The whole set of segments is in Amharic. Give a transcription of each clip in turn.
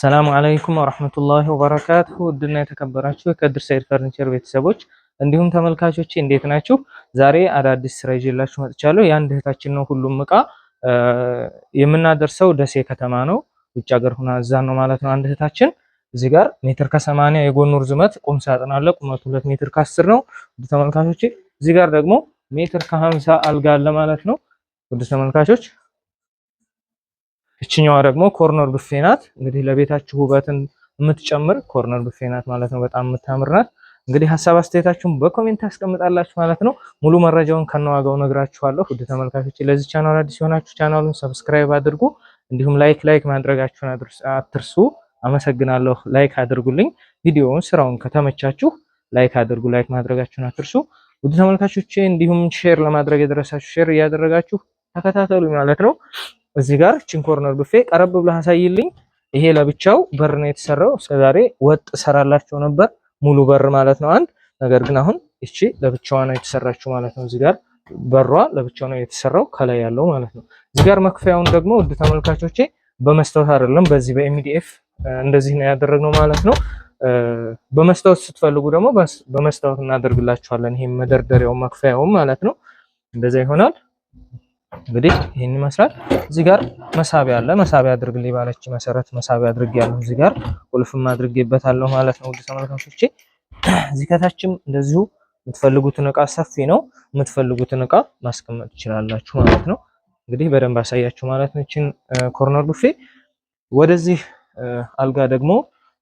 ሰላም አለይኩም ወራህመቱላሂ ወበረካቱሁ ውድና የተከበራችሁ የከድር ሰይድ ፈርኒቸር ቤተሰቦች እንዲሁም ተመልካቾች እንዴት ናችሁ? ዛሬ አዳዲስ ስራ ይዤላችሁ መጥቻለሁ። የአንድ እህታችን ነው ሁሉም እቃ የምናደርሰው ደሴ ከተማ ነው። ውጭ ሀገር ሆና እዛ ነው ማለት ነው። አንድ እህታችን እዚህ ጋር ሜትር ከሰማንያ የጎኑ ርዝመት ቁም ሳጥን አለ። ቁመቱ ሁለት ሜትር ከአስር ነው። ውድ ተመልካቾች እዚህ ጋር ደግሞ ሜትር ከሀምሳ አልጋ አለ ማለት ነው። ውድ ተመልካቾች እችኛዋ ደግሞ ኮርነር ብፌ ናት። እንግዲህ ለቤታችሁ ውበትን የምትጨምር ኮርነር ብፌ ናት ማለት ነው። በጣም የምታምር ናት። እንግዲህ ሀሳብ አስተያየታችሁን በኮሜንት አስቀምጣላችሁ ማለት ነው። ሙሉ መረጃውን ከነዋጋው ነግራችኋለሁ። ውድ ተመልካቾች ለዚህ ቻናል አዲስ የሆናችሁ ቻናሉን ሰብስክራይብ አድርጉ፣ እንዲሁም ላይክ ላይክ ማድረጋችሁን አትርሱ። አመሰግናለሁ። ላይክ አድርጉልኝ። ቪዲዮውን ስራውን ከተመቻችሁ ላይክ አድርጉ፣ ላይክ ማድረጋችሁን አትርሱ። ውድ ተመልካቾቼ እንዲሁም ሼር ለማድረግ የደረሳችሁ ሼር እያደረጋችሁ ተከታተሉ ማለት ነው። እዚህ ጋር ቺን ኮርነር ብፌ ቀረብ ብለህ አሳይልኝ። ይሄ ለብቻው በር ነው የተሰራው። እስከዛሬ ወጥ ሰራላቸው ነበር ሙሉ በር ማለት ነው አንድ ነገር ግን አሁን እቺ ለብቻዋ ነው የተሰራችው ማለት ነው። እዚህ ጋር በሯ ለብቻው ነው የተሰራው ከላይ ያለው ማለት ነው። እዚህ ጋር መክፈያውን ደግሞ ውድ ተመልካቾቼ በመስታወት አይደለም በዚህ በኤምዲኤፍ እንደዚህ ነው ያደረግነው ማለት ነው። በመስታወት ስትፈልጉ ደግሞ በመስታወት እናደርግላችኋለን። ይሄ መደርደሪያው መክፈያውም ማለት ነው እንደዛ ይሆናል። እንግዲህ ይህን ይመስላል። እዚህ ጋር መሳቢያ አለ። መሳቢያ አድርግልኝ ባለች መሰረት መሳቢያ ያለው እዚህ ጋር ቁልፍም አድርጌበታለሁ ማለት ነው። ውድ ተመልካቾቼ እዚህ ከታችም እንደዚሁ የምትፈልጉትን እቃ ሰፊ ነው፣ የምትፈልጉትን እቃ ማስቀመጥ ትችላላችሁ ማለት ነው። እንግዲህ በደንብ አሳያችሁ ማለት ነው። ይችን ኮርነር ቡፌ ወደዚህ አልጋ ደግሞ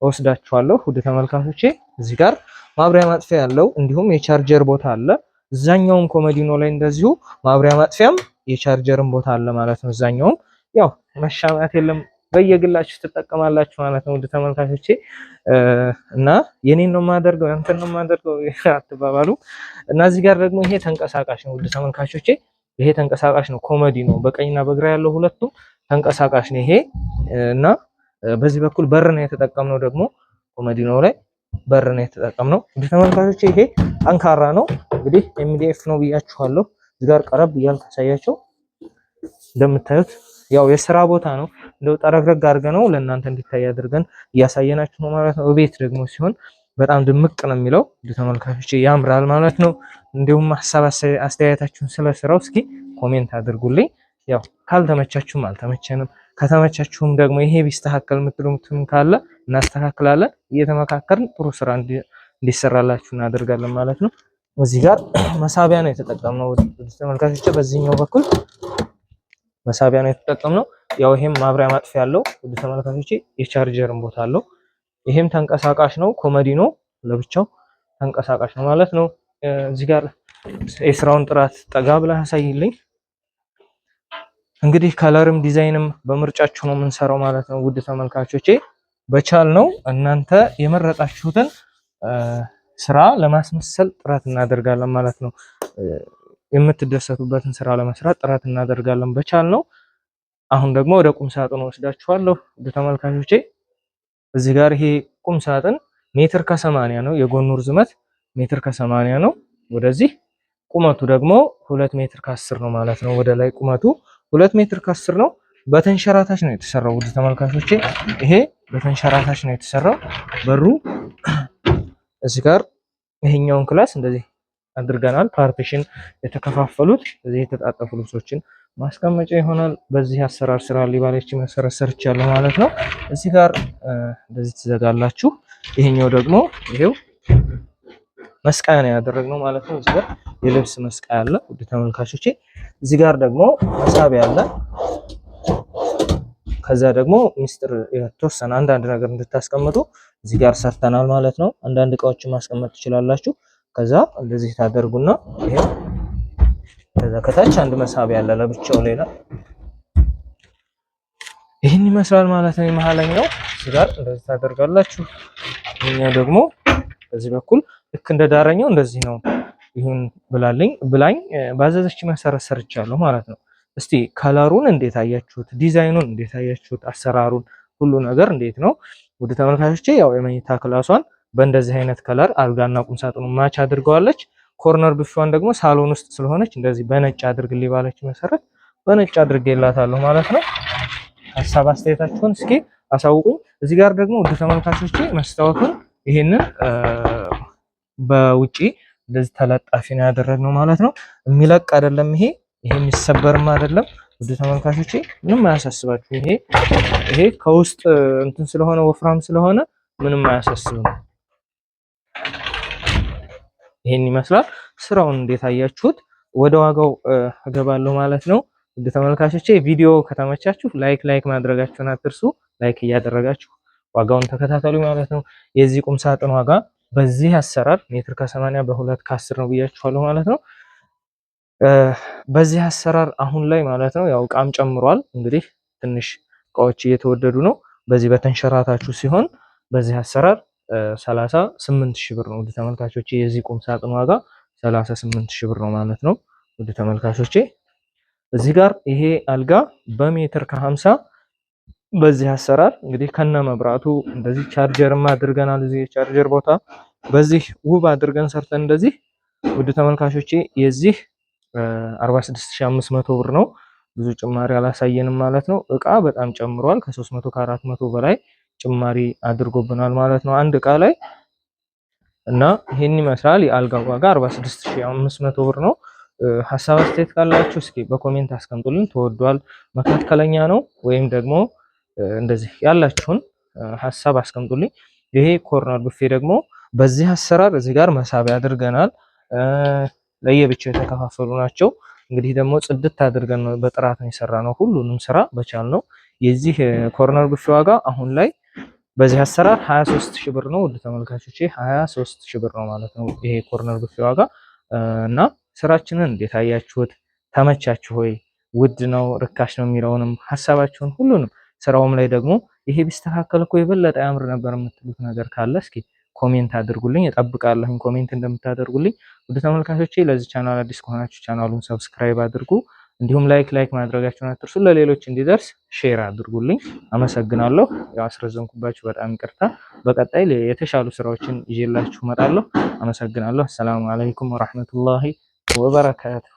ወስዳችኋለሁ። ውድ ተመልካቾቼ እዚህ ጋር ማብሪያ ማጥፊያ ያለው እንዲሁም የቻርጀር ቦታ አለ። እዛኛውም ኮመዲኖ ላይ እንደዚሁ ማብሪያ ማጥፊያም የቻርጀርን ቦታ አለ ማለት ነው። እዛኛውም ያው መሻማት የለም በየግላችሁ ትጠቀማላችሁ ማለት ነው። ውድ ተመልካቾቼ እና የኔን ነው የማደርገው ያንተን ነው የማደርገው አትባባሉ እና እዚህ ጋር ደግሞ ይሄ ተንቀሳቃሽ ነው። ውድ ተመልካቾቼ ይሄ ተንቀሳቃሽ ነው፣ ኮመዲ ነው። በቀኝና በግራ ያለው ሁለቱም ተንቀሳቃሽ ነው ይሄ እና በዚህ በኩል በር ነው የተጠቀምነው። ደግሞ ኮመዲ ነው ላይ በር ነው የተጠቀምነው። ውድ ተመልካቾቼ ይሄ ጠንካራ ነው እንግዲህ ኤምዲኤፍ ነው ብያችኋለሁ። እዚህ ጋር ቀረብ እያልኩ አሳያቸው። እንደምታዩት ያው የስራ ቦታ ነው። እንደው ጠረግረግ አድርገ ነው ለእናንተ እንዲታይ አድርገን እያሳየናችሁ ነው ማለት ነው። ቤት ደግሞ ሲሆን በጣም ድምቅ ነው የሚለው ለተመልካቾች ያምራል ማለት ነው። እንዲሁም ሀሳብ አስተያየታችሁን ስለ ስራው እስኪ ኮሜንት አድርጉልኝ። ያው ካልተመቻችሁም አልተመቸንም፣ ከተመቻችሁም ደግሞ ይሄ ቢስተካከል የምትሉትም ካለ እናስተካክላለን። እየተመካከርን ጥሩ ስራ እንዲሰራላችሁ እናደርጋለን ማለት ነው። እዚህ ጋር መሳቢያ ነው የተጠቀምነው። ተመልካቾች በዚህኛው በኩል መሳቢያ ነው የተጠቀምነው። ያው ይሄም ማብሪያ ማጥፊያ ያለው ውድ ተመልካቾች የቻርጀርን ቦታ አለው። ይሄም ተንቀሳቃሽ ነው፣ ኮመዲ ነው፣ ለብቻው ተንቀሳቃሽ ነው ማለት ነው። እዚህ ጋር የስራውን ጥራት ጠጋ ብላ ያሳይልኝ። እንግዲህ ከለርም ዲዛይንም በምርጫችሁ ነው የምንሰራው ማለት ነው። ውድ ተመልካቾቼ በቻል ነው እናንተ የመረጣችሁትን ስራ ለማስመሰል ጥረት እናደርጋለን ማለት ነው። የምትደሰቱበትን ስራ ለመስራት ጥረት እናደርጋለን በቻል ነው። አሁን ደግሞ ወደ ቁም ሳጥን ወስዳችኋለሁ ውድ ተመልካቾቼ። እዚህ ጋር ይሄ ቁም ሳጥን ሜትር ከሰማንያ ነው። የጎኑ ርዝመት ሜትር ከሰማንያ ነው። ወደዚህ ቁመቱ ደግሞ ሁለት ሜትር ከአስር ነው ማለት ነው። ወደ ላይ ቁመቱ ሁለት ሜትር ከአስር ነው። በተንሸራታች ነው የተሰራው ውድ ተመልካቾቼ። ይሄ በተንሸራታች ነው የተሰራው በሩ እዚህ ጋር ይሄኛውን ክላስ እንደዚህ አድርገናል። ፓርቲሽን የተከፋፈሉት እዚህ የተጣጠፉ ልብሶችን ማስቀመጫ ይሆናል። በዚህ አሰራር ስራ ሊባለች መሰረት ሰርቻለሁ ማለት ነው። እዚህ ጋር እንደዚህ ትዘጋላችሁ። ይሄኛው ደግሞ ይሄው መስቀያ ነው ያደረግነው ማለት ነው። እዚህ ጋር የልብስ መስቀያ አለ ውድ ተመልካቾቼ። እዚህ ጋር ደግሞ መሳቢያ አለ። ከዛ ደግሞ ሚስጥር የተወሰነ አንዳንድ ነገር እንድታስቀምጡ እዚህ ጋር ሰርተናል ማለት ነው። አንዳንድ እቃዎችን ማስቀመጥ ትችላላችሁ። ከዛ እንደዚህ ታደርጉና ይሄ ከዛ ከታች አንድ መሳቢያ አለ ለብቻው ሌላ ይህን ይመስላል ማለት ነው። መሀለኛው እዚህ ጋር እንደዚህ ታደርጋላችሁ። እኛ ደግሞ በዚህ በኩል ልክ እንደ ዳረኛው እንደዚህ ነው። ይሁን ብላልኝ ብላኝ ባዘዘች መሰረት ሰርቻለሁ ማለት ነው። እስቲ ከለሩን እንዴት አያችሁት? ዲዛይኑን እንዴት አያችሁት? አሰራሩን ሁሉ ነገር እንዴት ነው? ውድ ተመልካቾች ያው የመኝታ ክላሷን በእንደዚህ አይነት ከለር አልጋና ቁምሳጥኑ ማች አድርገዋለች። ኮርነር ብፌዋን ደግሞ ሳሎን ውስጥ ስለሆነች እንደዚህ በነጭ አድርግልኝ ባለች መሰረት በነጭ አድርጌላታለሁ ማለት ነው። ሀሳብ አስተያየታችሁን እስኪ አሳውቁኝ። እዚህ ጋር ደግሞ ውድ ተመልካቾች መስታወቱን ይሄንን በውጪ እንደዚህ ተለጣፊ ነው ያደረግነው ማለት ነው። የሚለቅ አይደለም ይሄ ይሄ የሚሰበርም አይደለም። ውድ ተመልካቾቼ ምንም አያሳስባችሁ። ይሄ ይሄ ከውስጥ እንትን ስለሆነ ወፍራም ስለሆነ ምንም አያሳስብም። ይሄን ይመስላል ስራውን እንዴት አያችሁት? ወደ ዋጋው እገባለሁ ማለት ነው። ውድ ተመልካቾቼ ቪዲዮ ከተመቻችሁ ላይክ ላይክ ማድረጋችሁን አትርሱ። ላይክ እያደረጋችሁ ዋጋውን ተከታተሉ ማለት ነው። የዚህ ቁም ሳጥን ዋጋ በዚህ አሰራር ሜትር ከሰማንያ በሁለት ከአስር ነው ብያችኋለሁ ማለት ነው። በዚህ አሰራር አሁን ላይ ማለት ነው ያው እቃም ጨምሯል እንግዲህ ትንሽ እቃዎች እየተወደዱ ነው። በዚህ በተንሸራታችሁ ሲሆን በዚህ አሰራር 38 ሺህ ብር ነው ውድ ተመልካቾቼ። የዚህ ቁም ሳጥን ዋጋ 38 ሺህ ብር ነው ማለት ነው ውድ ተመልካቾቼ። እዚህ ጋር ይሄ አልጋ በሜትር ከ50 በዚህ አሰራር እንግዲህ ከነ መብራቱ እንደዚህ ቻርጀርም አድርገናል። እዚህ የቻርጀር ቦታ በዚህ ውብ አድርገን ሰርተን እንደዚህ ውድ ተመልካቾቼ የዚህ 46500 ብር ነው። ብዙ ጭማሪ አላሳየንም ማለት ነው። እቃ በጣም ጨምሯል። ከ300 ከ400 በላይ ጭማሪ አድርጎብናል ማለት ነው አንድ እቃ ላይ እና ይህን ይመስላል። የአልጋ ዋጋ 46500 ብር ነው። ሀሳብ አስተያየት ካላችሁ እስኪ በኮሜንት አስቀምጡልን። ተወዷል፣ መካከለኛ ነው ወይም ደግሞ እንደዚህ ያላችሁን ሀሳብ አስቀምጡልኝ። ይሄ ኮርነር ቡፌ ደግሞ በዚህ አሰራር እዚህ ጋር መሳቢያ አድርገናል። ለየብቻው የተከፋፈሉ ናቸው። እንግዲህ ደግሞ ጽድት አድርገን በጥራት ነው የሰራነው ሁሉንም ስራ ነው። የዚህ ኮርነር ቡፌ ዋጋ አሁን ላይ በዚህ አሰራር 23 ሺህ ብር ነው። ውድ ተመልካቾቼ 23 ሺህ ብር ነው ማለት ነው ይሄ ኮርነር ቡፌ ዋጋ እና ስራችንን እንዴት አያችሁት? ተመቻችሁ ወይ? ውድ ነው ርካሽ ነው የሚለውንም ሀሳባችሁን ሁሉንም ስራውም ላይ ደግሞ ይሄ ቢስተካከል እኮ የበለጠ ያምር ነበር የምትሉት ነገር ካለ እስኪ ኮሜንት አድርጉልኝ። እጠብቃለሁኝ ኮሜንት እንደምታደርጉልኝ። ውድ ተመልካቾቼ ለዚህ ቻናል አዲስ ከሆናችሁ ቻናሉን ሰብስክራይብ አድርጉ፣ እንዲሁም ላይክ ላይክ ማድረጋችሁን አትርሱ። ለሌሎች እንዲደርስ ሼር አድርጉልኝ። አመሰግናለሁ። ያው አስረዘምኩባችሁ፣ በጣም ይቅርታ። በቀጣይ የተሻሉ ስራዎችን ይዤላችሁ እመጣለሁ። አመሰግናለሁ። አሰላሙ አለይኩም ወራህመቱላሂ ወበረካቱ።